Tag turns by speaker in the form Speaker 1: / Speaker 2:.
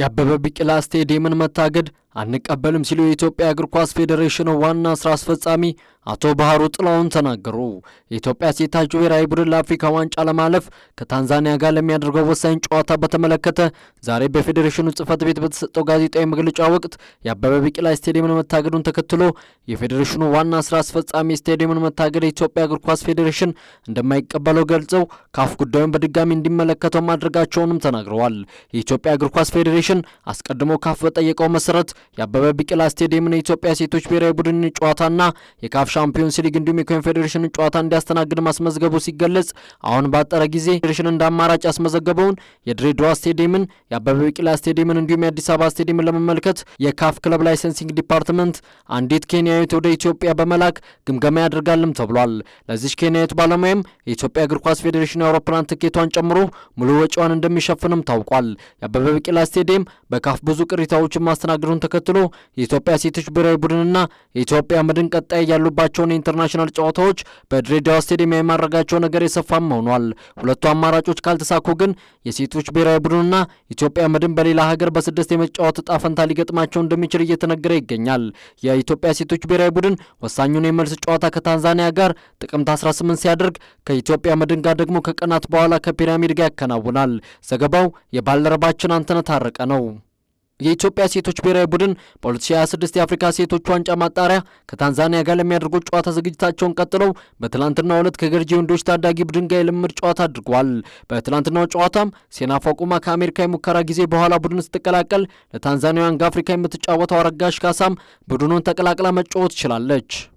Speaker 1: የአበበ ቢቂላ ስቴዲየምን መታገድ አንቀበልም ሲሉ የኢትዮጵያ እግር ኳስ ፌዴሬሽን ዋና ስራ አስፈጻሚ አቶ ባህሩ ጥላውን ተናገሩ። የኢትዮጵያ ሴቶች ብሔራዊ ቡድን ለአፍሪካ ዋንጫ ለማለፍ ከታንዛኒያ ጋር ለሚያደርገው ወሳኝ ጨዋታ በተመለከተ ዛሬ በፌዴሬሽኑ ጽህፈት ቤት በተሰጠው ጋዜጣዊ መግለጫ ወቅት የአበበ ቢቂላ ስቴዲየምን መታገዱን ተከትሎ የፌዴሬሽኑ ዋና ስራ አስፈጻሚ ስቴዲየምን መታገድ የኢትዮጵያ እግር ኳስ ፌዴሬሽን እንደማይቀበለው ገልጸው ካፍ ጉዳዩን በድጋሚ እንዲመለከተው ማድረጋቸውንም ተናግረዋል። የኢትዮጵያ እግር ኳስ ፌዴሬሽን አስቀድሞ ካፍ በጠየቀው መሰረት የአበበ ቢቂላ ስቴዲየምን የኢትዮጵያ ሴቶች ብሔራዊ ቡድን ጨዋታና የካፍ ሻምፒዮንስ ሊግ እንዲሁም የኮንፌዴሬሽንን ጨዋታ እንዲያስተናግድ ማስመዝገቡ ሲገለጽ አሁን ባጠረ ጊዜ ፌዴሬሽን እንደ አማራጭ ያስመዘገበውን የድሬዳዋ ስቴዲየምን፣ የአበበ ቢቂላ ስቴዲየምን እንዲሁም የአዲስ አበባ ስቴዲየምን ለመመልከት የካፍ ክለብ ላይሰንሲንግ ዲፓርትመንት አንዲት ኬንያዊት ወደ ኢትዮጵያ በመላክ ግምገማ ያደርጋልም ተብሏል። ለዚች ኬንያዊት ባለሙያም የኢትዮጵያ እግር ኳስ ፌዴሬሽን የአውሮፕላን ትኬቷን ጨምሮ ሙሉ ወጪዋን እንደሚሸፍንም ታውቋል። የአበበ ቢቂላ ስቴዲየም በካፍ ብዙ ቅሬታዎችን ማስተናገዱን ተከ ተከትሎ የኢትዮጵያ ሴቶች ብሔራዊ ቡድንና የኢትዮጵያ መድን ቀጣይ ያሉባቸውን የኢንተርናሽናል ጨዋታዎች በድሬዳዋ ስቴዲየም የማድረጋቸው ነገር የሰፋም ሆኗል። ሁለቱ አማራጮች ካልተሳኩ ግን የሴቶች ብሔራዊ ቡድንና ኢትዮጵያ መድን በሌላ ሀገር በስድስት የመጫወት እጣ ፈንታ ሊገጥማቸው እንደሚችል እየተነገረ ይገኛል። የኢትዮጵያ ሴቶች ብሔራዊ ቡድን ወሳኙን የመልስ ጨዋታ ከታንዛኒያ ጋር ጥቅምት 18 ሲያደርግ ከኢትዮጵያ መድን ጋር ደግሞ ከቀናት በኋላ ከፒራሚድ ጋር ያከናውናል። ዘገባው የባልደረባችን አንተነህ ታረቀ ነው። የኢትዮጵያ ሴቶች ብሔራዊ ቡድን በ2026 የአፍሪካ ሴቶች ዋንጫ ማጣሪያ ከታንዛኒያ ጋር ለሚያደርጉት ጨዋታ ዝግጅታቸውን ቀጥለው በትላንትናው ዕለት ከገርጂ ወንዶች ታዳጊ ቡድን ጋር የልምድ ጨዋታ አድርጓል። በትላንትናው ጨዋታም ሴና ቁማ ከአሜሪካ የሙከራ ጊዜ በኋላ ቡድን ስትቀላቀል፣ ለታንዛኒያ ጋር አፍሪካ የምትጫወተው አረጋሽ ካሳም ቡድኑን ተቀላቅላ መጫወት ትችላለች።